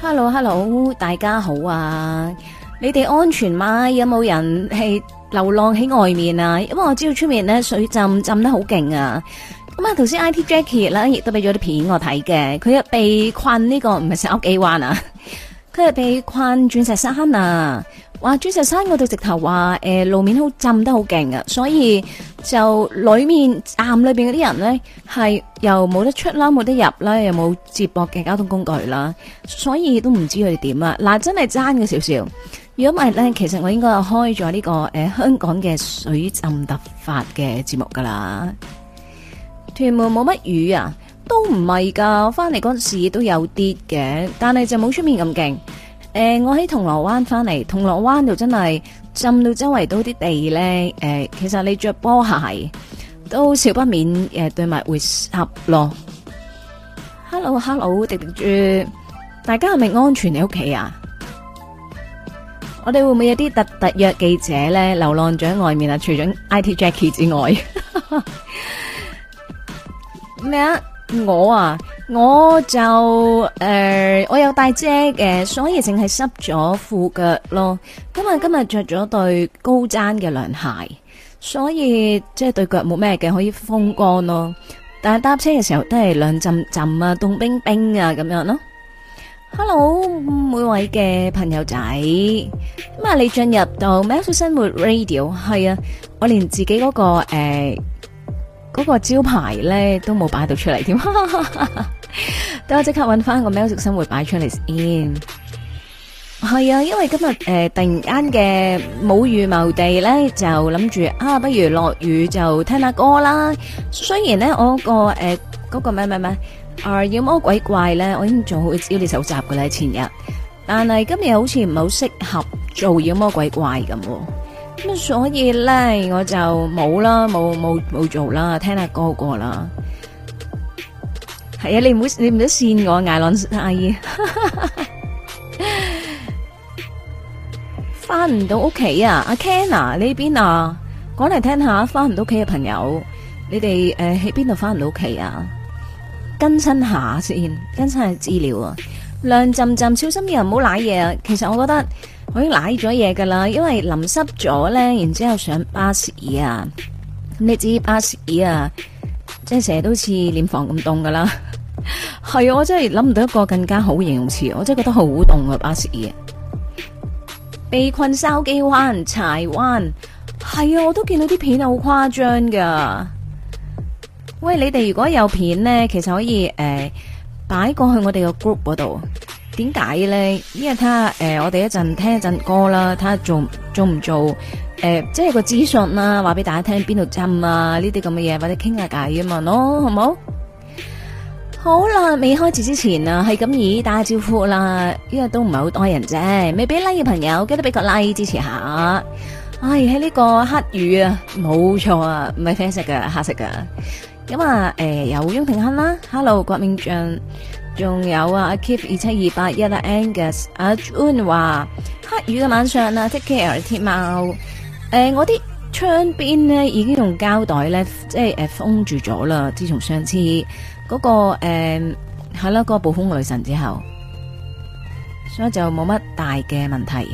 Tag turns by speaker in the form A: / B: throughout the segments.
A: Hello，Hello，Hello, 大家好啊！你哋安全嗎？有冇人係流浪喺外面啊？因為我知道出面呢水浸浸得好勁啊！咁、這個、啊，頭先 IT Jackie 啦，亦都俾咗啲片我睇嘅，佢一被困呢個唔係石澳灣啊！佢係被困鑽石山啊！話鑽石山嗰度直頭話，誒、呃、路面好浸得好勁啊，所以就裏面站裏邊嗰啲人咧係又冇得出啦，冇得入啦，又冇接駁嘅交通工具啦，所以都唔知佢哋點啊。嗱、啊，真係爭嘅少少。如果唔係咧，其實我應該開咗呢、這個誒、呃、香港嘅水浸突發嘅節目噶啦。屯門冇乜雨啊！都唔係噶，返翻嚟嗰陣時都有啲嘅，但係就冇出面咁勁。誒、呃，我喺銅鑼灣翻嚟，銅鑼灣度真係浸到周圍都啲地咧。誒、呃，其實你着波鞋都少不免誒、呃，對埋會濕咯。Hello，Hello，迪迪豬，大家係咪安全喺屋企啊？我哋會唔會有啲特特約記者咧，流浪咗喺外面啊？除咗 IT Jackie 之外，咩 啊？我啊，我就誒、呃，我有帶遮嘅，所以淨係濕咗褲腳咯。今日今日着咗對高踭嘅涼鞋，所以即係對腳冇咩嘅可以風乾咯。但係搭車嘅時候都係涼浸浸啊，凍冰冰啊咁樣咯。Hello，每位嘅朋友仔，咁啊，你進入到喵式生活 Radio，係啊，我連自己嗰、那個誒。呃嗰個招牌咧，都冇擺到出嚟添，等我即刻揾翻個喵式生活擺出嚟先。n 係啊，因為今日誒、呃、突然間嘅冇預謀地咧，就諗住啊，不如落雨就聽下歌啦。雖然咧我、嗰個誒、呃嗰個咩咩咩啊妖魔鬼怪咧，我已經做好招啲搜集㗎喇前日，但係今日好似唔係好適合做妖魔鬼怪咁。咁所以咧，我就冇啦，冇冇冇做啦，聽下歌過啦。係啊，你唔好你唔好線我，艾朗阿姨翻唔到屋企啊！阿 Ken 啊呢邊啊，講嚟聽下，翻唔到屋企嘅朋友，你哋誒喺邊度翻唔到屋企啊？更新下先，更新下資料啊！涼浸浸，小心啲人唔好瀨嘢啊！其實我覺得。我已經舐咗嘢噶啦，因為淋濕咗咧，然之後上巴士啊，你知巴士啊，即係成日都似殮房咁凍噶啦。係 我真係諗唔到一個更加好形容詞，我真係覺得好凍啊巴士啊！被困筲箕灣柴灣，係啊，我都見到啲片好誇張噶。喂，你哋如果有片咧，其實可以誒擺、呃、過去我哋個 group 嗰度。點解咧？依家睇下，誒、呃，我哋一陣聽一陣歌啦，睇下做做唔做，誒、呃，即係個資訊啦，話俾大家聽邊度浸啊，呢啲咁嘅嘢，或者傾下偈啊嘛，咯、哦，好冇？好啦，未開始之前啊，係咁易打招呼啦。依家都唔係好多人啫，未俾 like 嘅朋友，記得俾個 like 支持下。唉、哎，喺、這、呢個黑雨啊，冇錯啊，唔係啡色噶，黑色噶。咁啊，誒、呃，有翁平亨啦，Hello，郭明將。仲有啊，阿 Keep、yeah，二七二八一啊 Angus 阿、uh, June 話黑雨嘅晚上啊，take care，天喵，誒，我啲窗邊咧已經用膠袋咧，即係誒封住咗啦。自從上次嗰個誒，係、欸、啦，嗰、啊那個暴風女神之後，所以就冇乜大嘅問題。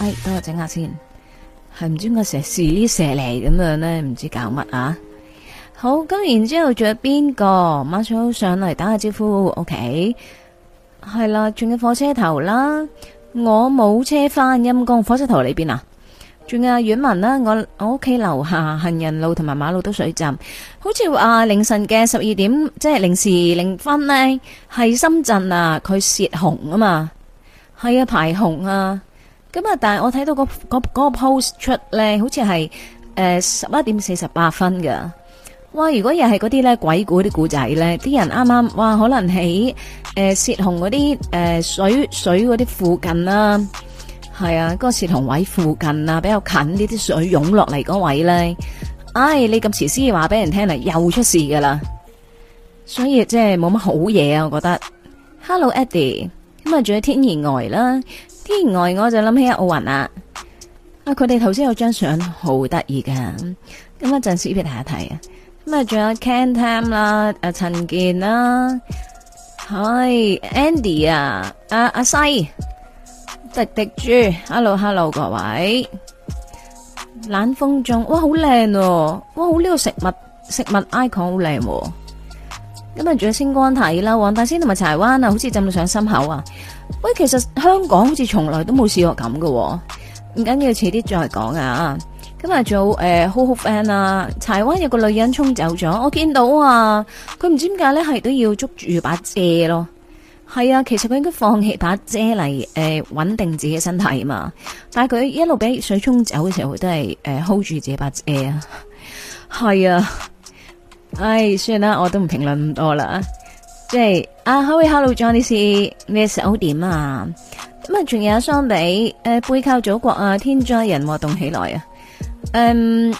A: 哎，等我整下先，係唔知個蛇，屎蛇，蛇嚟咁樣咧，唔知道搞乜啊？好咁，然之後仲有邊個？馬超上嚟打下招呼，OK 係啦。仲有火車頭啦，我冇車翻陰公火車頭裏邊啊。仲有婉文啦，我我屋企樓下行人路同埋馬路都水浸，好似話凌晨嘅十二點，即係零時零分呢，係深圳啊，佢洩洪啊嘛，係啊排洪啊。咁啊、那個，但係我睇到個個個 post 出呢，好似係誒十一點四十八分㗎。哇！如果又係嗰啲咧鬼故啲古仔咧，啲人啱啱哇，可能喺誒、呃、洩洪嗰啲誒水水啲附近啦，係啊，嗰、啊那個、洩洪位附近啊，比較近這些湧呢啲水湧落嚟嗰位咧，唉、哎，你咁遲先話俾人聽嚟，又出事噶啦！所以即係冇乜好嘢啊，我覺得。Hello，Eddie，咁啊，仲有天然呆啦，天然呆我就諗起奧運啦，啊，佢哋頭先有張相好得意噶，咁一陣時，俾大家睇啊。咩仲有 Ken Tam 啦，阿陳健啦，係 Andy 啊，啊，阿阿西迪迪豬，Hello Hello 各位，冷風中哇好靚喎！哇好呢個食物食物 icon 好靚，咁啊仲有星光睇啦，黃大仙同埋柴灣啊，好似浸到上心口啊，喂，其實香港好似從來都冇試過咁嘅，唔緊要遲啲再講啊。咁啊，做誒好好 fan 啊！台灣有個女人沖走咗，我見到啊，佢唔知點解咧，係都要捉住把遮咯。係啊，其實佢應該放棄把遮嚟、呃、穩定自己身體啊嘛。但佢一路俾水沖走嘅時候，都係誒 hold 住自己把遮啊。係啊，唉，算啦，我都唔評論咁多啦。即係啊、uh huh.，Hello，Hello，Johnny，你隻手點啊？咁啊，仲有相比誒背靠祖國啊，天災人禍動起來啊！嗯，um，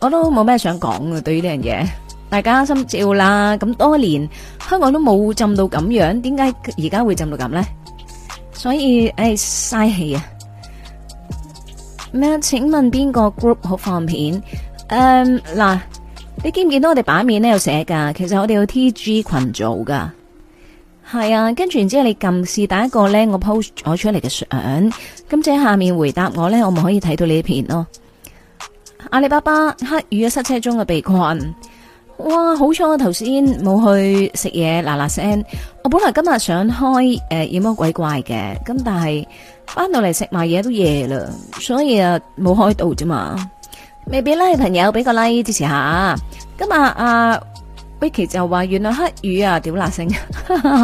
A: 我都冇咩想講嘅。對於呢樣嘢，大家心照啦。咁多年香港都冇浸到咁樣，點解而家會浸到咁呢？所以誒，嘥氣啊！咩？請問邊個 group 好放片？嗯，嗱，你見唔見到我哋版面咧？有寫噶，其實我哋有 T G 群組噶，係啊。跟住然之後，你撳是第一個咧，我 post 咗出嚟嘅相，咁係下面回答我咧，我咪可以睇到你片咯。阿里巴巴黑雨啊，塞車中嘅被困，哇！好彩我頭先冇去食嘢，嗱嗱聲，我本來今日想開誒妖魔鬼怪嘅，咁但係翻到嚟食埋嘢都夜啦，所以啊冇開到啫嘛。未必啦，like，朋友俾個 e、like、支持下。今日阿、啊、Vicky 就話原來黑雨啊，屌嗱聲，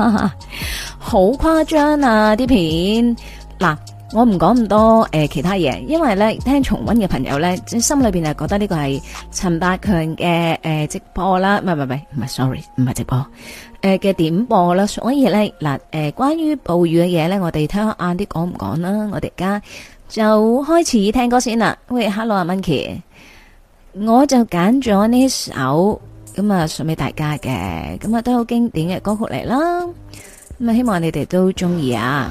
A: 好誇張啊啲片嗱。我唔講咁多誒其他嘢，因為咧聽重温嘅朋友咧，即係心裏邊就覺得呢個係陳百強嘅誒直播啦，唔係唔係唔係，sorry，唔係直播誒嘅點播啦，所以咧嗱誒關於暴雨嘅嘢咧，我哋睇下晏啲講唔講啦，我哋而家就開始聽歌先啦。喂，hello 啊，Monkey，我就揀咗呢首咁啊送俾大家嘅，咁啊都好經典嘅歌曲嚟啦，咁啊希望你哋都中意啊。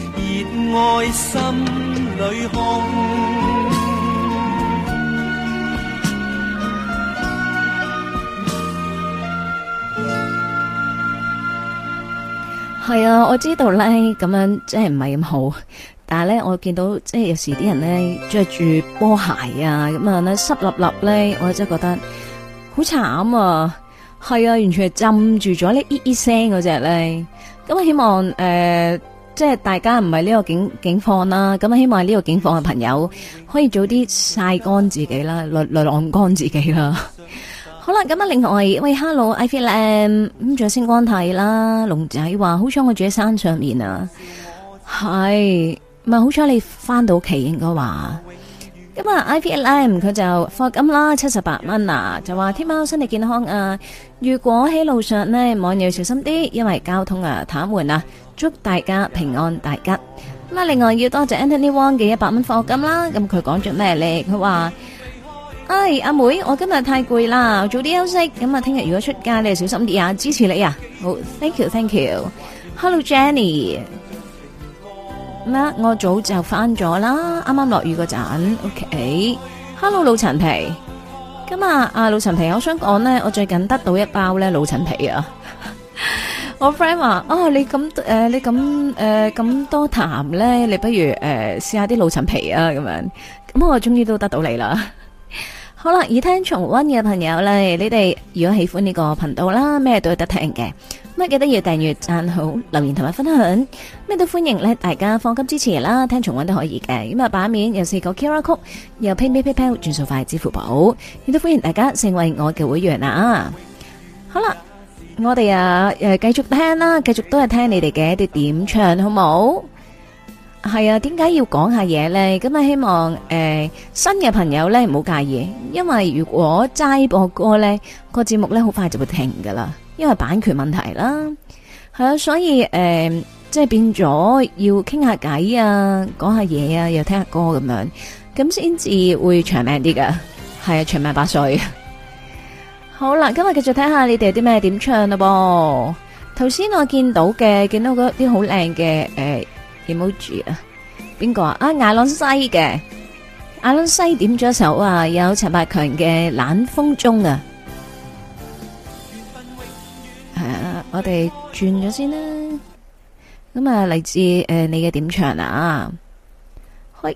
B: 熱愛
A: 心裏空。係啊，我知道咧，咁樣真係唔係咁好。但係咧，我見到即係有時啲人咧着住波鞋啊，咁樣咧濕立立咧，我真係覺得好慘啊！係啊，完全係浸住咗呢，咦咦聲嗰隻咧。咁我希望誒。呃即係大家唔係呢個警警況啦，咁啊希望呢個警況嘅朋友可以早啲曬乾自己啦，濾濾晾乾自己啦。 好啦，咁啊，另外喂，Hello，I P L M，咁仲有星光睇啦，龍仔話好彩我住喺山上面啊，係，咪好彩你翻到企應該話，咁啊，I P L M 佢就課金啦，七十八蚊啊，就話天貓身體健康啊，如果喺路上呢，網友要小心啲，因為交通啊，癱瘓啊。祝大家平安大吉！咁啊，另外要多謝 Anthony Wong 嘅一百蚊課金啦。咁佢講咗咩咧？佢話：哎，阿妹，我今日太攰啦，我早啲休息。咁啊，聽日如果出街咧，你就小心啲啊！支持你啊，好、oh，Thank you，Thank you, thank you. Hello, Jenny。Hello，Jenny，咩？我早就返咗啦，啱啱落雨嗰陣。OK，Hello，okay. 老陳皮。咁啊，阿老陳皮，我想講呢，我最近得到一包咧老陳皮啊。 我 friend 話，哦、啊，你咁誒、呃，你咁誒咁多痰咧，你不如誒試下啲老陳皮啊，咁樣。咁我終於都得到你啦。 好啦，已聽重温嘅朋友咧，你哋如果喜歡呢個頻道啦，咩都有得聽嘅，乜記得要訂閱、贊好、留言同埋分享，咩都歡迎咧。大家放心支持啦，聽重温都可以嘅。咁啊，版面有四個 QR code，有 pay, pay pay pay pay 轉數快支付寶，亦都歡迎大家成為我嘅會員啦。好啦。我哋啊，誒，繼續聽啦，繼續都係聽你哋嘅一啲點唱好冇？係啊，點解要講下嘢咧？咁啊，希望誒新嘅朋友咧唔好介意，因為如果齋播歌咧，個節目咧好快就會停噶啦，因為版權問題啦。係啊，所以誒，即係變咗要傾下偈啊，講下嘢啊，又聽下歌咁樣，咁先至會長命啲噶。係啊，長命百歲。好啦，今日繼續睇下你哋有啲咩點唱咯、啊、噃。頭先我見到嘅，見到嗰啲好靚嘅誒、呃、emoji 啊，邊個啊？阿、啊、艾朗西嘅，艾朗西點咗首啊，有陳百強嘅《冷風中》啊。係啊，我哋轉咗先啦。咁、呃、啊，嚟自誒你嘅點唱啊，開。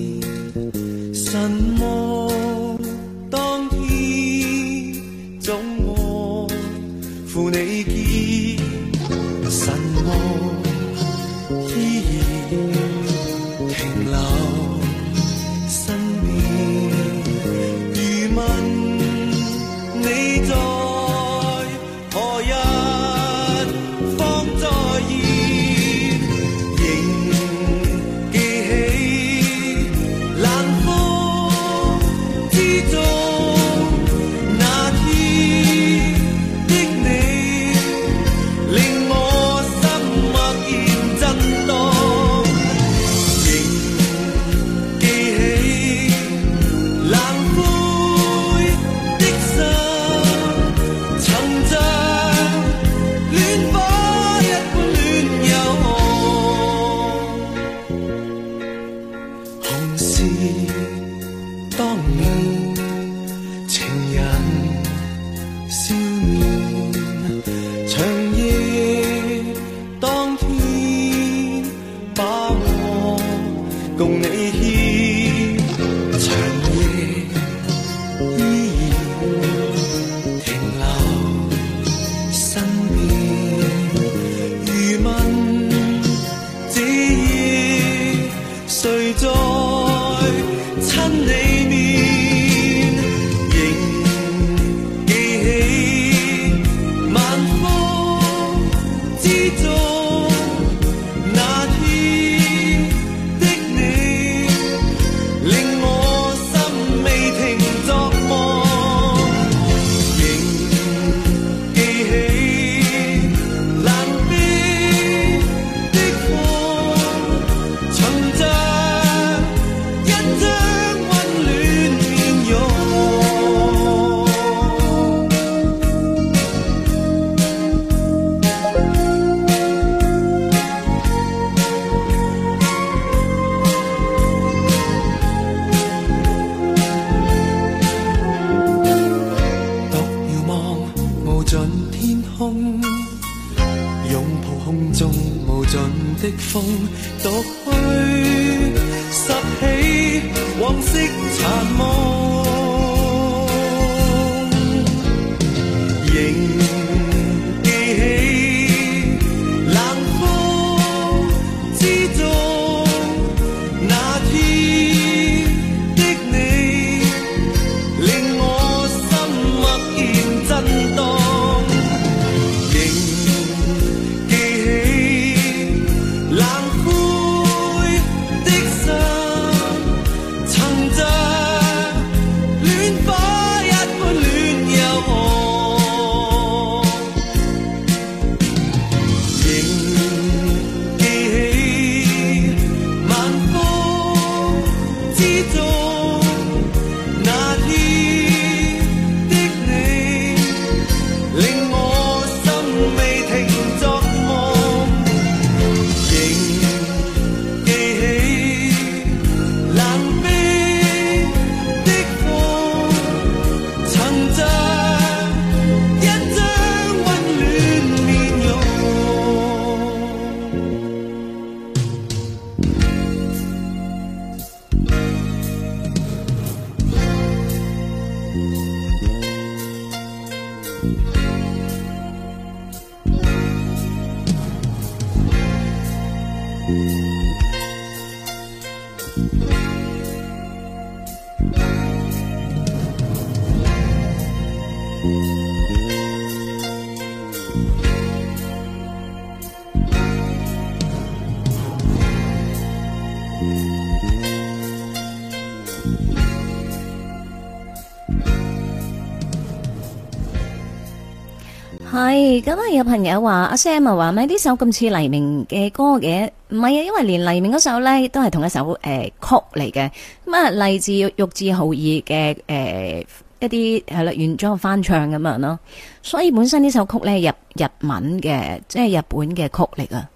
A: 咁啊！有朋友話阿 Sam 話咪呢首咁似黎明嘅歌嘅，唔係啊，因為連黎明嗰首咧都係同一首誒、呃、曲嚟嘅。咁啊，嚟自、玉置浩二嘅誒一啲係啦，原裝翻唱咁樣咯。所以本身呢首曲咧係日日文嘅，即係日本嘅曲嚟啊。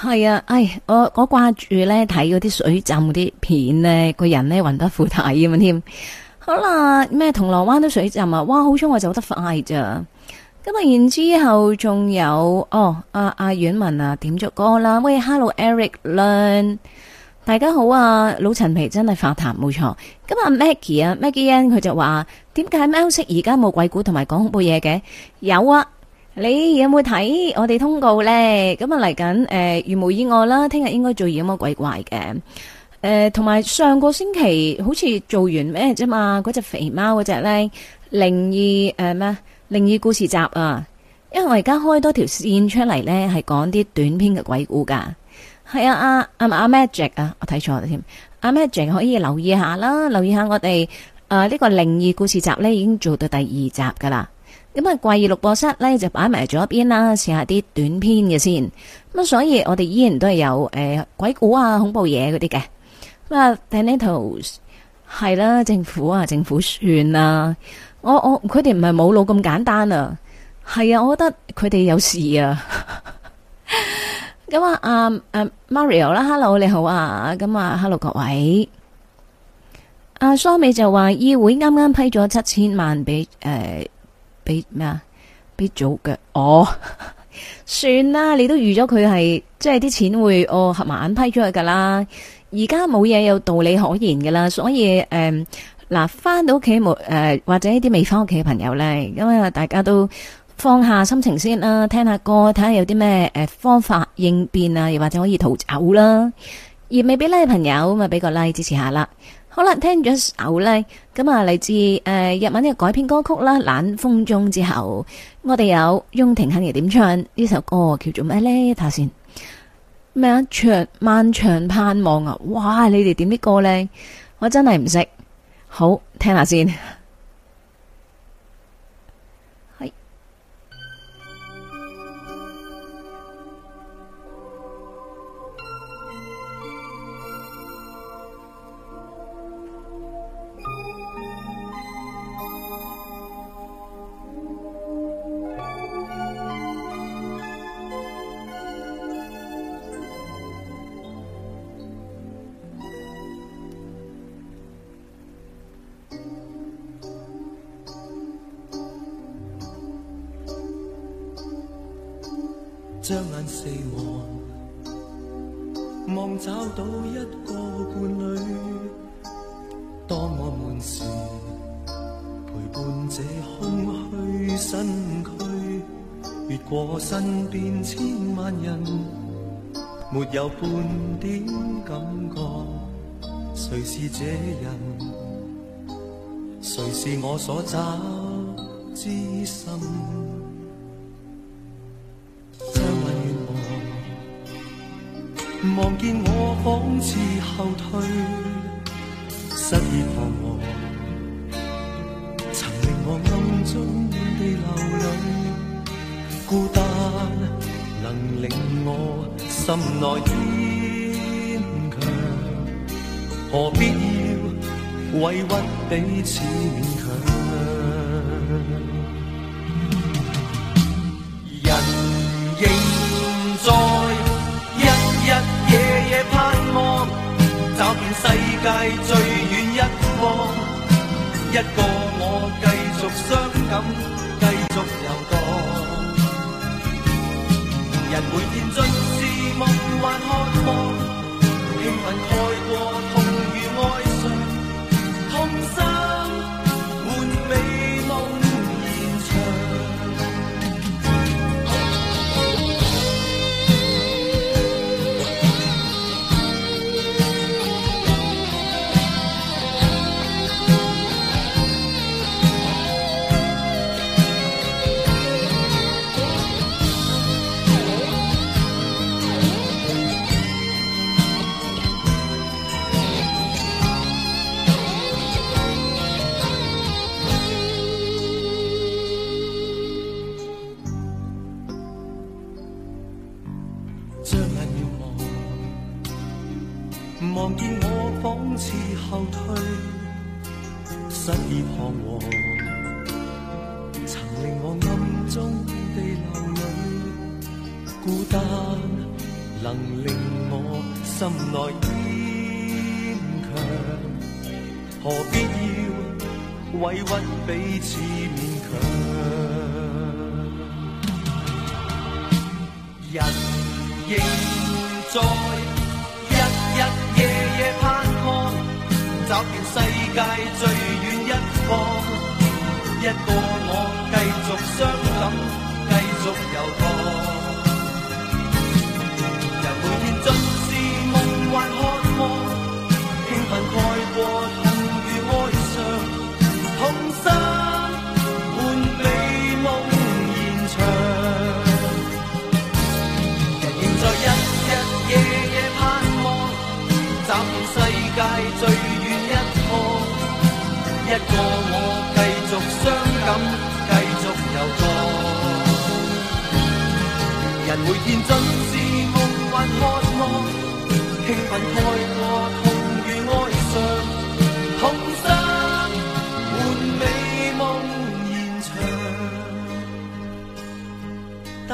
A: 係啊，哎，我我掛住咧睇嗰啲水浸嗰啲片咧，個人咧魂不附體咁添。好啦，咩銅鑼灣都水浸啊！哇，好彩我就走得快咋。咁、哦、啊，然之後仲有哦，阿阿阮文啊，點咗歌啦？喂，Hello Eric 啦，大家好啊！老陳皮真係發談冇錯。咁啊，Maggie 啊，Maggie N 佢就話：點解 Maggie 貓 e 而家冇鬼故同埋講恐怖嘢嘅？有啊，你有冇睇我哋通告咧？咁啊，嚟緊誒，如無意外啦，聽日應該做妖魔鬼怪嘅？誒、呃，同埋上個星期好似做完咩啫嘛？嗰隻肥貓嗰隻咧，零二誒咩？靈異故事集啊，因為我而家開多條線出嚟呢，係講啲短篇嘅鬼故噶。係啊，阿啊阿 Magic 啊，啊啊 Magic，我睇錯添。阿、啊、Magic 可以留意下啦，留意下我哋誒呢個靈異故事集呢，已經做到第二集噶啦。咁啊，怪異錄播室呢，就擺埋咗一邊啦，試下啲短篇嘅先。咁所以我哋依然都係有誒、呃、鬼故啊、恐怖嘢嗰啲嘅。咁啊 Tanatos 係啦、啊，政府啊，政府算啦。我我佢哋唔係冇腦咁簡單啊！係啊，我覺得佢哋有事啊！ 咁啊，誒、啊、Mario 啦，Hello，你好啊！咁啊，Hello，各位。阿、啊、蘇美就話議會啱啱批咗七千萬俾誒，俾咩啊？俾組嘅哦，算啦，你都預咗佢係即係啲錢會哦合埋眼批出去噶啦，而家冇嘢有道理可言噶啦，所以誒。呃嗱，翻到屋企冇誒，或者啲未翻屋企嘅朋友咧，咁啊，大家都放下心情先啦，聽下歌，睇下有啲咩誒方法應變啊，又或者可以逃走啦。而未俾 like 嘅朋友，咁啊，俾個 like 支持下啦。好啦，聽咗一首咧，咁啊，嚟自誒日文嘅改編歌曲啦，《冷風中》之後，我哋有翁停肯尼點唱呢首歌叫做咩咧？睇下先咩啊？長漫長盼望啊！哇，你哋點啲歌咧？我真係唔識。好聽下先。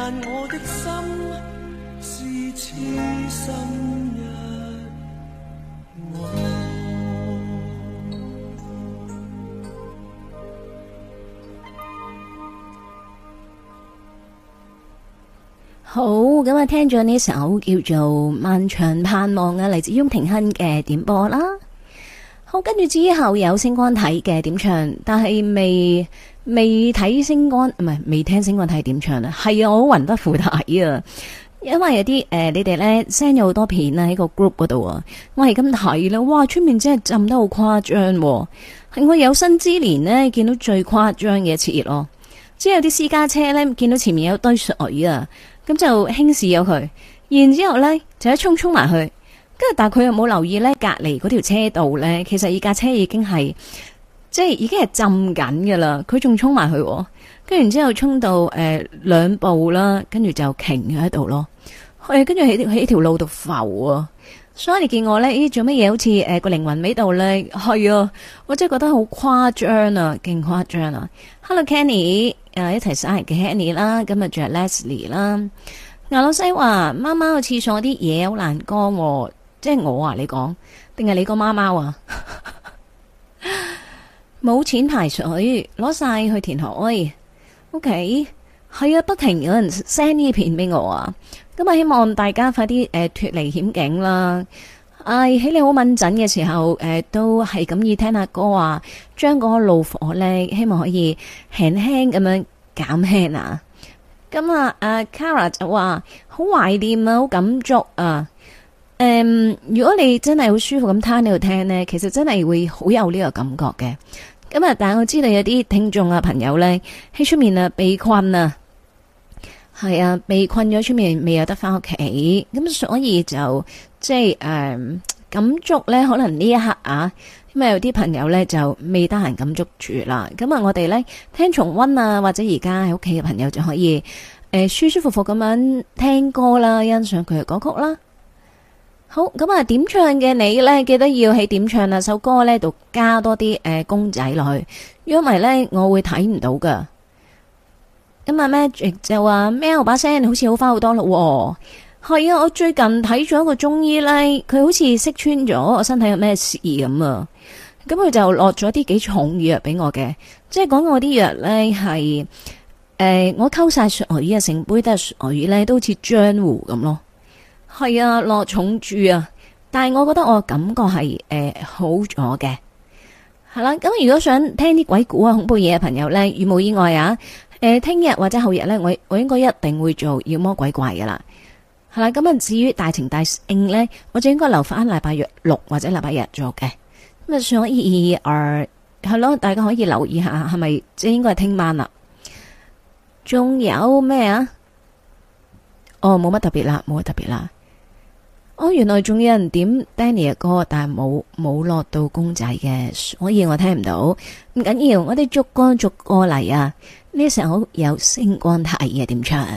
B: 但我的心是痴心人。
A: 好，咁啊，聽咗呢首叫做《漫長盼望》嘅，嚟自翁庭亨嘅點播啦。好，跟住之後有星光體嘅點唱，但係未。未睇《星光》，唔係未聽《星光》，睇點唱啊？係啊，我好魂不附體啊！因為有啲誒、呃，你哋咧 send 咗好多片啊喺個 group 嗰度啊。我係咁睇啦，哇！出面真係浸得好誇張，啊，係我有生之年咧見到最誇張嘅一次咯。之後啲私家車咧見到前面有堆水啊，咁就輕視咗佢，然之後咧就一沖沖埋去，跟住但佢又冇留意咧隔離嗰條車道咧，其實呢架車已經係。即係已經係浸緊㗎啦，佢仲衝埋去，跟然之後衝到誒、呃、兩步啦，跟住就停喺度咯。誒，跟住喺喺條路度浮啊。所、so，以你見見我咧，咦，做乜嘢？好似誒個靈魂喺度咧。係啊，我真係覺得好誇張啊，勁誇張啊。Hello，Kenny，呃、一齊生日嘅 Kenny 啦，今日仲有 Leslie 啦。阿老西話：貓貓廁所啲嘢好難乾喎。」即係我話你講，定係你個貓貓啊？ 冇錢排水，攞晒去填海。OK，係啊，不停有人 send 呢片俾我啊。咁啊，希望大家快啲誒脫離險境啦。哎，喺你好敏震嘅時候，誒、呃、都係咁易聽阿哥話，將個怒火咧，希望可以輕輕咁樣減輕啊。咁啊，阿、啊、Cara 就話好懷念啊，好感觸啊。誒，um, 如果你真係好舒服咁攤喺度聽呢，其實真係會好有呢個感覺嘅。咁啊，但係我知道有啲聽眾啊朋友呢，喺出面啊，被困啊，係啊，被困咗出面未有得翻屋企，咁所以就即係誒、嗯、感觸呢可能呢一刻啊，因為有啲朋友呢，就未得閒感觸住啦。咁啊，我哋呢，聽重溫啊，或者而家喺屋企嘅朋友就可以誒、呃、舒舒服服咁樣聽歌啦，欣賞佢嘅歌曲啦。好，咁啊，點唱嘅你呢？記得要喺點唱嗰首歌呢度加多啲誒、呃、公仔落去，因為呢，我會睇唔到噶。咁阿 Magic 就話，咩、嗯？我把聲好似好翻好多咯。係、呃、啊，我最近睇咗一個中醫呢，佢好似識穿咗我身體有咩事咁啊。咁、嗯、佢就落咗啲幾重藥俾我嘅，即係講我啲藥呢，係誒、呃，我溝晒舌苔，成杯都係舌苔呢，都好似漿糊咁咯。係啊，落重注啊！但係我覺得我感覺係誒、呃、好咗嘅，係啦、啊。咁如果想聽啲鬼故啊、恐怖嘢嘅、啊、朋友呢，如冇意外啊！誒、呃，聽日或者後日呢，我我應該一定會做妖魔鬼怪嘅啦。係啦，咁啊，至於大情大性呢，我就應該留翻禮拜六或者禮拜日做嘅。咁啊，所以誒係咯，大家可以留意一下係咪即係應該係聽晚啦。仲有咩啊？哦，冇乜特別啦，冇乜特別啦。哦，原來仲有人點 Danny 嘅歌，但係冇冇落到公仔嘅，所以我聽唔到。唔緊要，我哋逐個逐個嚟啊！呢時候有星光太夜點唱啊？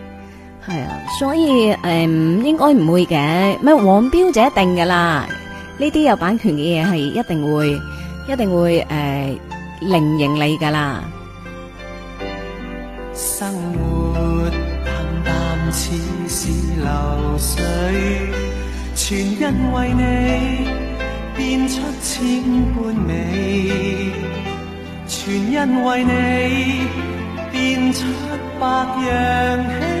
A: 係啊，所以誒，應該唔會嘅，咩黃標就一定㗎喇。呢啲有版權嘅嘢係一定會，一定會誒，零盈利噶啦。
B: 生活淡淡似是流水，全因為你變出千般美，全因為你變出百樣喜。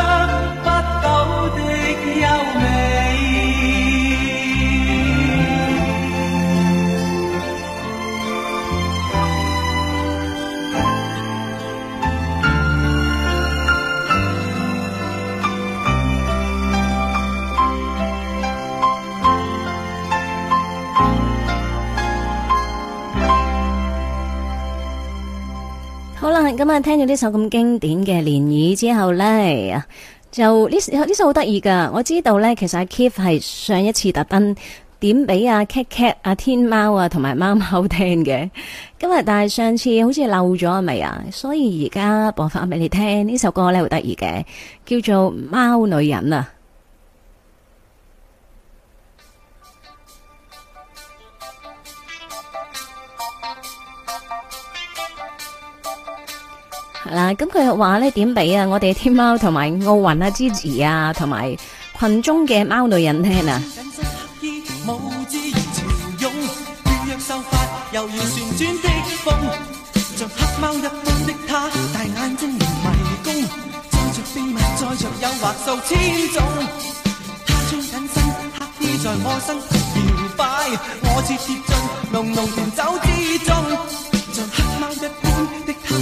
A: 咁啊，聽咗呢首咁經典嘅《漣漪》之後呢，就呢呢首好得意噶。我知道呢，其實阿 Keith 係上一次特登點俾阿 Cat Cat、啊、天貓啊同埋貓貓聽嘅。今日但係上次好似漏咗係咪啊？所以而家播翻俾你聽呢首歌呢，好得意嘅，叫做《貓女人》啊。嗱，咁佢又話呢點俾啊？我哋天貓同埋奧運啊支持啊，同埋群中嘅貓女人
B: 聽啊！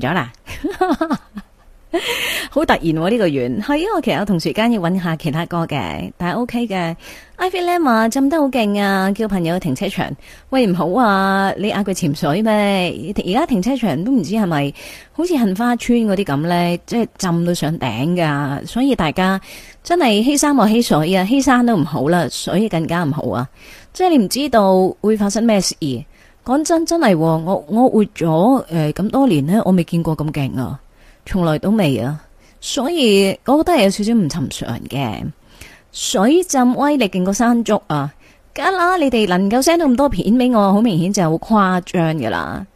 A: 咗啦，好 突然呢、啊呢個完。係因為其實我同時間要揾下其他歌嘅，但係 OK 嘅。i feel l a m a 浸得好勁啊，叫朋友去停車場，喂，唔好啊，你嗌佢潛水咩？而家停車場都唔知係咪好似杏花村嗰啲咁咧，即係浸到上頂噶。所以大家真係欺山莫欺水啊，欺山都唔好啦、啊，所以更加唔好啊。即係你唔知道會發生咩事。講真，真係我我活咗誒咁多年呢，我未見過咁勁啊，從來都未啊，所以我覺得係有少少唔尋常嘅。水浸威力勁過山竹啊，梗啦，你哋能夠 send 到咁多片俾我，好明顯就好誇張噶啦。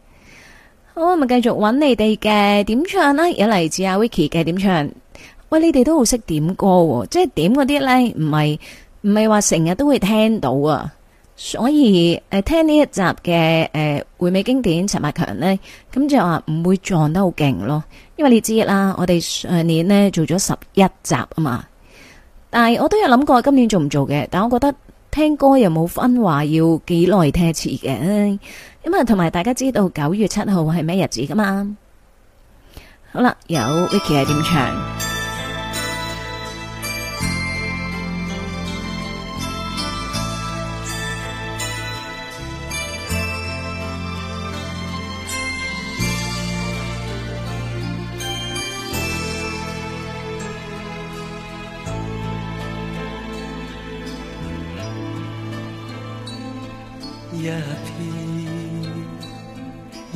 A: 好，咪繼續揾你哋嘅點唱啦，有嚟自阿 Vicky 嘅點唱。喂，你哋都好識點歌，啊，即係點嗰啲咧，唔係唔係話成日都會聽到啊。所以誒，聽呢一集嘅誒回味經典陳百強呢，咁就話唔會撞得好勁咯。因為你知啦，我哋上年呢做咗十一集啊嘛，但係我都有諗過今年做唔做嘅。但我覺得聽歌又冇分話要幾耐聽一次嘅。因為，同埋大家知道九月七號係咩日子噶嘛？好啦，有 Vicky 係點唱？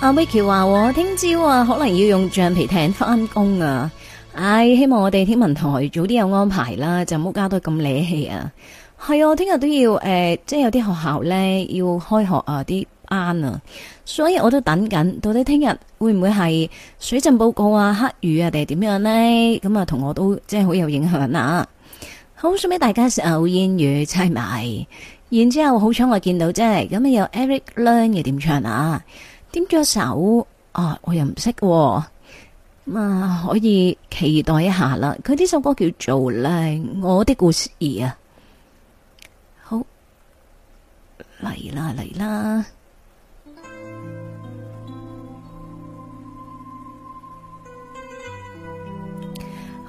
A: 阿妹奇話：我聽朝啊，可能要用橡皮艇翻工啊！唉，希望我哋天文台早啲有安排啦，啊，就唔好搞到咁離氣啊！係啊，我聽日都要誒、呃，即係有啲學校咧要開學啊，啲。啱、嗯、啊，所以我都等緊，到底聽日會唔會係水浸報告啊、黑雨啊，定係點樣呢？咁、嗯、啊，同我都即係好有影響啊！好，想畀大家手煙雨猜埋，然之後好彩我見到啫。咁、嗯、啊，有 Eric Lam 嘅點唱啊？點咗首啊？我又唔識咁啊，可以期待一下啦！佢呢首歌叫做《咧我的故事》啊！好嚟啦，嚟啦！來了.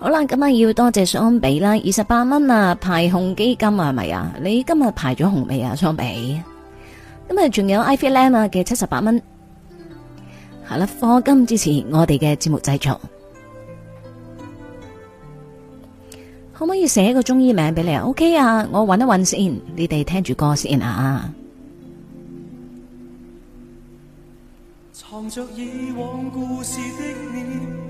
A: 好啦，今晚要多謝雙比啦，二十八蚊啊，排紅基金啊，係咪啊？你今日排咗紅未啊，雙比，今日仲有 iPhone 啊嘅七十八蚊，係啦，課金支持我哋嘅節目製作，可唔可以寫一個中醫名俾你啊？OK 啊，我揾一揾先，你哋聽住歌先啊。藏
B: 著以往故事的你。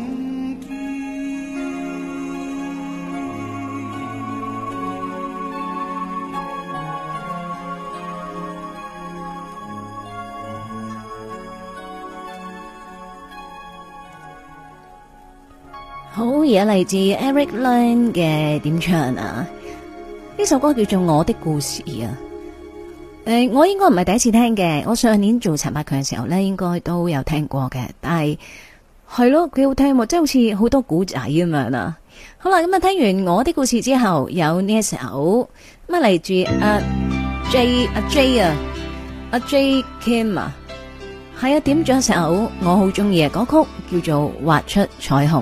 A: 好嘢，嚟自 Eric Lane 嘅點唱啊。呢首歌叫做我的故事啊。誒、呃，我應該唔係第一次聽嘅，我上年做陳百強嘅時候咧，應該都有聽過嘅。但係係咯，幾好聽，即係好似好多古仔咁樣啊。好啦，咁、嗯、啊，聽完我的故事之後，有呢一首咁啊，嚟住阿 J 阿 J 啊，阿、啊、J Kim 啊，係啊點咗一首我好中意嘅歌曲，叫做畫出彩虹。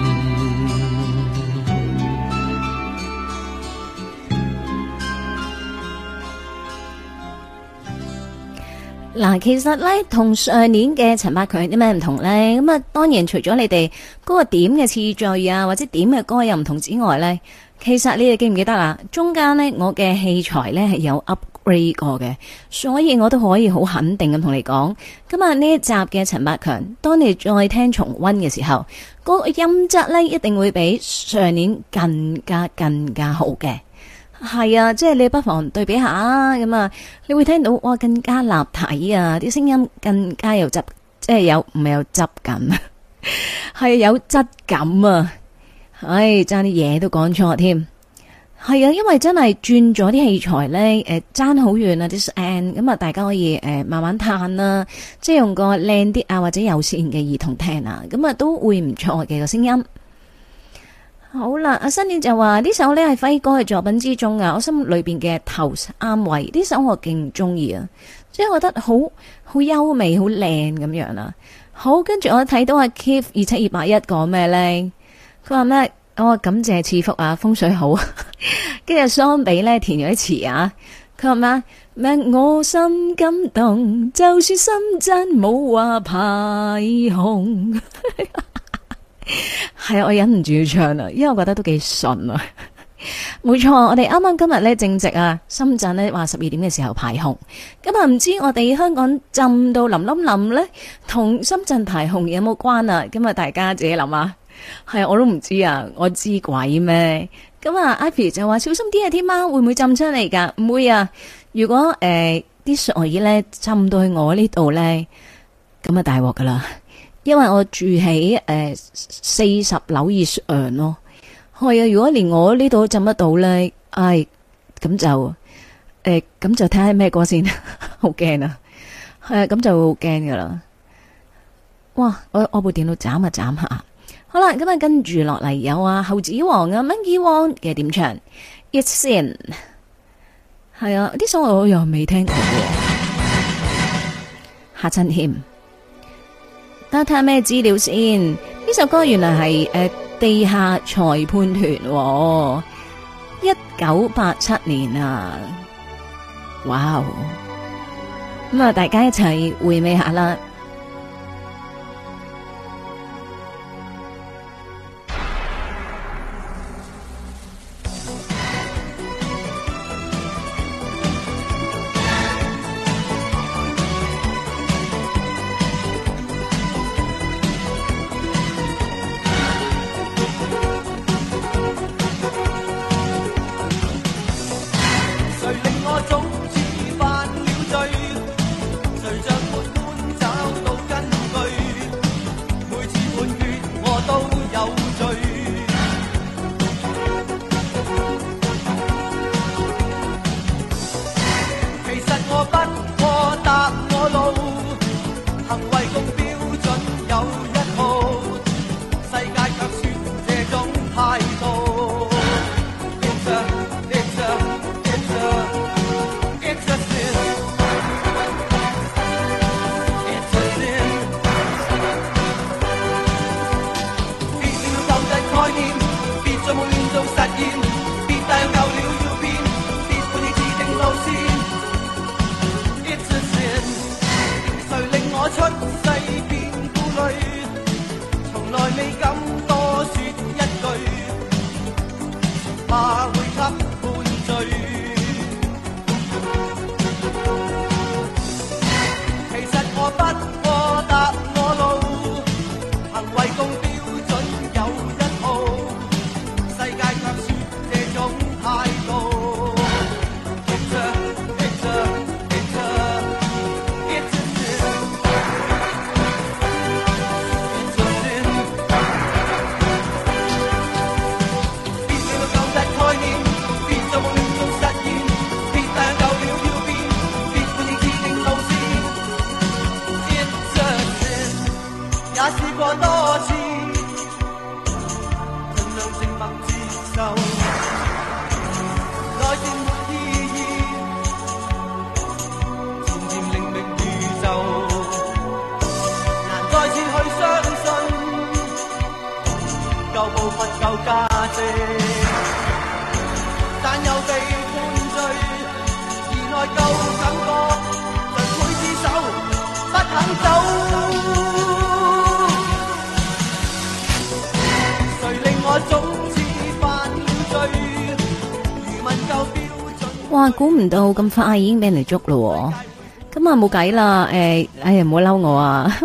A: 嗱，其實咧同上年嘅陳百強有啲咩唔同呢？咁啊，當然除咗你哋嗰個點嘅次序啊，或者點嘅歌又唔同之外呢，其實你哋記唔記得啊？中間呢，我嘅器材呢係有 upgrade 過嘅，所以我都可以好肯定咁同你講，咁啊呢一集嘅陳百強，當你再聽重溫嘅時候，嗰個音質呢一定會比上年更加更加好嘅。係啊，即係你不妨對比下啊，咁啊，你會聽到哇，更加立體啊，啲聲音更加有質即係有唔係有質感，係 有質感啊！唉，爭啲嘢都講錯添，係啊，因為真係轉咗啲器材咧，誒、呃，爭好遠啊啲聲，咁啊，end, 大家可以誒、呃、慢慢嘆啦、啊，即係用個靚啲啊或者有線嘅耳筒聽啊，咁啊都會唔錯嘅個聲音。好啦，阿新年就話呢首呢係輝哥嘅作品之中啊，我心裏邊嘅頭安慰，呢首我勁中意啊，即係覺得好好優美，好靚咁樣啦。好，跟住我睇到阿 Keith 二七二八一講咩咧？佢話咩？我話、哦、感謝賜福啊，風水好。跟住相比咧填咗一詞啊，佢話咩咩？明我心感動，就算心真冇話排紅。 係 啊，我忍唔住要唱啊，因為我覺得都幾順啊。冇 錯，我哋啱啱今日咧正值啊，深圳咧話十二點嘅時候排洪，咁啊唔知我哋香港浸到淋淋淋咧，同深圳排洪有冇關啊？咁啊，大家自己諗 啊。係啊我都唔知啊，我知鬼咩？咁啊，Ivy 就話小心啲啊，天喵會唔會浸出嚟，噶？唔會啊。如果誒啲、呃、水咧浸到去我呢度咧，咁啊大鑊噶啦。因為我住喺誒四十樓以上咯，係啊！如果連我呢度浸得到咧，唉、哎，咁就誒咁、呃、就聽下咩歌先，好 驚啊！係啊，咁就好驚噶啦！哇！我我部電腦斬下斬下，好啦，咁啊跟住落嚟，有啊猴子王啊蚊子王嘅點唱，一先係啊啲歌我又未聽過，啊，嚇親謙。睇下咩資料先？呢首歌原來係誒、呃、地下裁判團、哦，一九八七年啊，哇！咁啊，大家一齊回味下啦。唔到咁快已經俾人哋捉咯，咁啊冇計啦！誒，哎呀，唔好嬲我啊！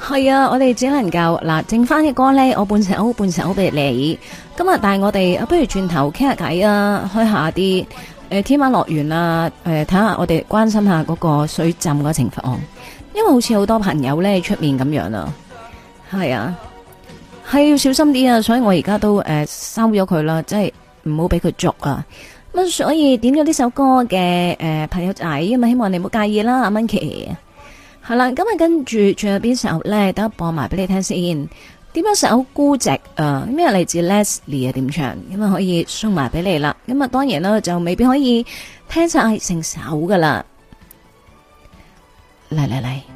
A: 係 啊，我哋只能夠嗱，剩翻嘅歌咧，我半首半首俾你。今日但係我哋不如轉頭傾下偈啊，開下啲誒，天喵樂園啊，誒、呃，睇下我哋關心下嗰個水浸嗰情況，啊，因為好似好多朋友咧出面咁樣啊，係啊，係要小心啲啊！所以我而家都誒、呃、收咗佢啦，即係唔好俾佢捉啊！咁、嗯、所以點咗呢首歌嘅誒、呃、朋友仔咁啊，希望你唔好介意啦，阿蚊奇。係啦，咁啊跟住仲有邊首咧，等播埋俾你聽先。點一首孤寂啊？咩、呃、嚟自 Leslie 啊？點唱咁啊？可以送埋俾你啦。咁、嗯、啊，當然啦，就未必可以聽晒成首噶啦。嚟嚟嚟。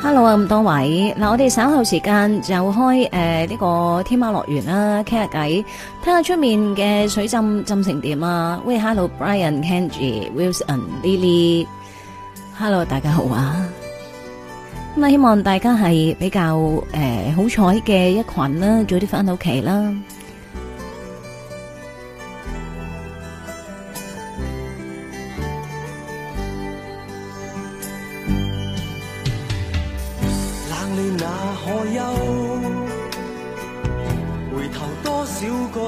A: Hello 啊，咁多位，嗱，我哋稍後時間就開誒呢個天喵樂園啦，傾下偈，聽下出面嘅水浸浸成點啊？喂，Hello，Brian，Kenji，Wilson，Lily，Hello，大家好啊。咁啊，希望大家係比較誒好彩嘅一群啦，早啲翻到屋企啦。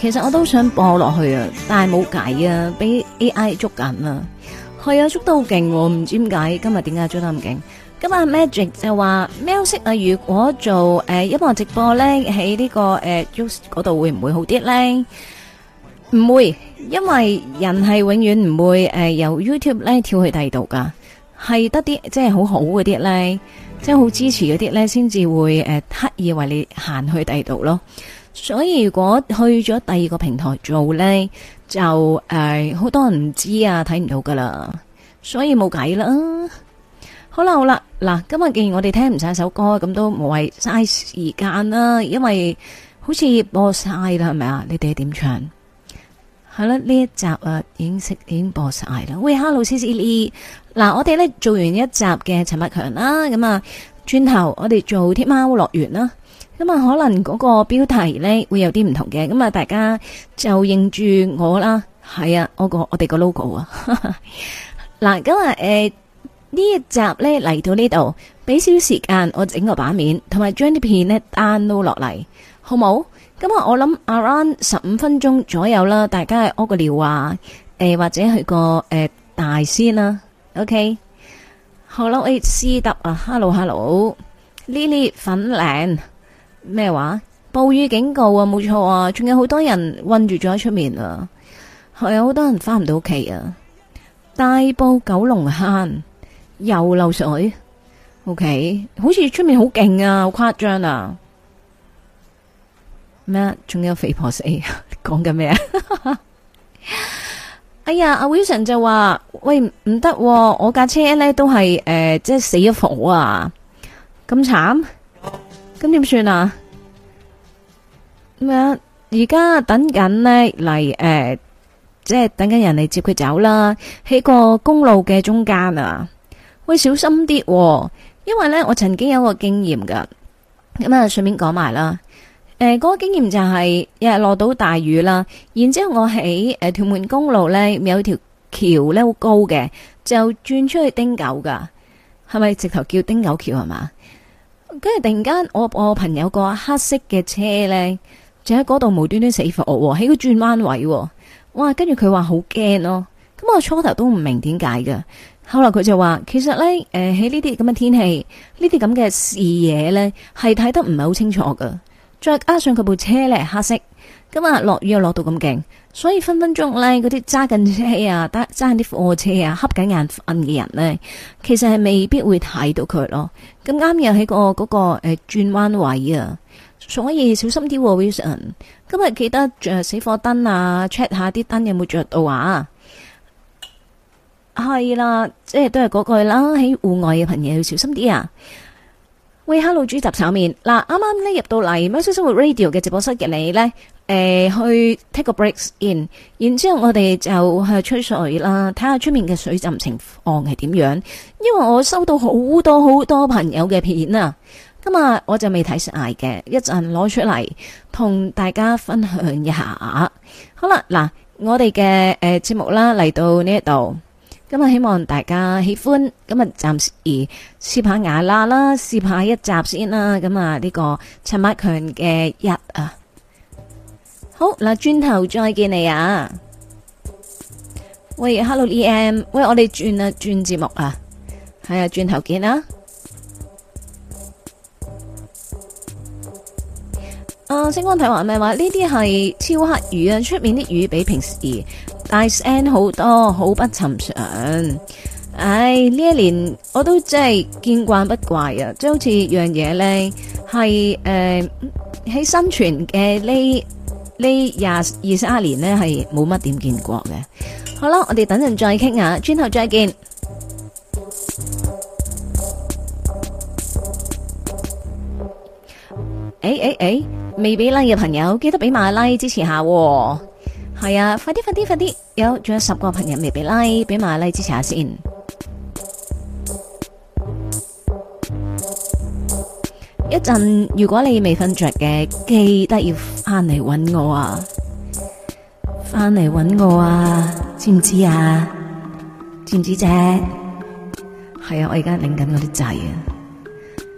A: 其實我都想播落去啊，但係冇計啊，俾 AI 捉緊啦。係啊，捉得好勁，我唔知點解今日點解捉得咁勁。今日 Magic 就話，喵色啊，如果做誒，音樂直播咧，喺呢個誒 YouTube 嗰度會唔會好啲咧？唔會，因為人係永遠唔會誒由 YouTube 咧跳去第二度噶，係得啲即係好好嗰啲咧，即係好支持嗰啲咧，先至會誒刻意為你行去第二度咯。所以如果去咗第二個平台做呢，就誒好、呃、多人唔知啊，睇唔到噶啦，所以冇計啦。好啦好啦，嗱，今日既然我哋聽唔晒首歌，咁都冇謂嘥時間啦，因為好似播晒啦，係咪啊？你哋點唱？係啦，呢一集啊已經識已經播晒、e、啦。喂，Hello C C E，嗱，我哋呢做完一集嘅陳百強啦，咁啊，轉頭我哋做天貓樂園啦。咁啊、嗯，可能嗰個標題咧會有啲唔同嘅。咁、嗯、啊，大家就認住我啦。係啊，我個我哋個 logo 啊。嗱，咁、嗯、啊，誒、嗯、呢一集咧嚟到呢度，俾少時間我整個版面，同埋將啲片咧 download 落嚟，好冇？咁、嗯、啊，我諗 around 十五分鐘左右啦，大家屙個尿啊，誒、嗯、或者去個誒、呃、大仙啦。OK，Hello、okay? H C W 啊，Hello Hello，Lily 粉嶺。咩話？暴雨警告啊，冇錯啊，仲有好多人困住咗喺出面啊，係有好多人翻唔到屋企啊。大埔九龍坑又漏水，OK，好似出面好勁啊，好誇張啊！咩？仲有肥婆死，講緊咩啊？ 哎呀，阿 Wilson 就話：喂，唔得、啊，我架車呢都係誒、呃，即係死咗火啊，咁慘。咁點算啊？咁啊？而家等緊呢嚟，誒，即係等緊人嚟接佢走啦。喺個公路嘅中間啊，會小心啲，因為呢，我曾經有個經驗噶。咁啊，順便講埋啦。誒，嗰個經驗就係日日落到大雨啦，然之後我喺誒屯門公路呢，有條橋呢好高嘅，就轉出去汀九噶，係咪直頭叫汀九橋係嘛？跟住突然間，我我朋友個黑色嘅車呢，就喺嗰度無端端死火喎，喺個轉彎位，哇！跟住佢話好驚咯，咁我初頭都唔明點解㗎。後來佢就話其實呢，誒喺呢啲咁嘅天氣，呢啲咁嘅視野呢，係睇得唔係好清楚噶，再加上佢部車呢，黑色，咁啊落雨又落到咁勁。所以分分鐘咧，嗰啲揸緊車啊、揸揸緊啲貨車啊、瞌緊眼瞓嘅人咧，其實係未必會睇到佢咯。咁啱又喺、個嗰、個誒轉彎位啊，所以小心啲、啊，Wilson。今日記得着死火燈啊，check 下啲燈有冇着到啊。係啦，即係都係嗰句啦。喺戶外嘅朋友要小心啲啊。喂，Hello 豬雜炒麵，嗱啱啱呢入到嚟，喵式生活 Radio 嘅直播室嘅你咧。誒，去 take a break in，然之後我哋就去吹水啦，睇下出面嘅水浸情況係點樣。因為我收到好多好多朋友嘅片啊，今日我就未睇晒嘅，一陣攞出嚟同大家分享一下。好啦，嗱，我哋嘅誒節目啦嚟到呢一度，咁啊，希望大家喜歡。今日暫時試下牙啦啦，試下一集先啦。咁啊，呢個陳百強嘅一啊。好，嗱，轉頭再見你啊！喂，Hello E M，喂，我哋轉啊轉節目啊，係啊，轉頭見啦。啊，星光睇話咩話？呢啲係超黑魚啊！出面啲魚比平時大聲好多，好不尋常。唉，呢一年我都真係見慣不怪啊！即係好似樣嘢咧，係誒喺生存嘅呢。呢廿二三年呢係冇乜點見過嘅，好啦，我哋等陣再傾下，轉頭再見。誒誒誒，未俾拉嘅朋友記得俾馬拉支持下。哦，係啊，快啲快啲快啲，有仲有十個朋友未俾拉，俾馬拉支持下先。一陣如果你未瞓着嘅，記得要。翻嚟揾我啊！翻嚟揾我啊！知唔知啊？知唔知啫？係啊！我而家擰緊我啲掣啊！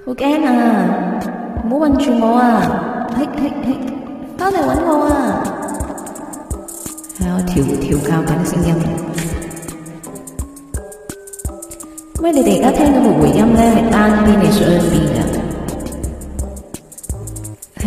A: 好驚啊！唔好困住我啊！喺喺喺翻嚟揾我啊！係我調調校緊啲聲音。喂，你哋而家聽到個回音咧，你單邊定雙邊啊？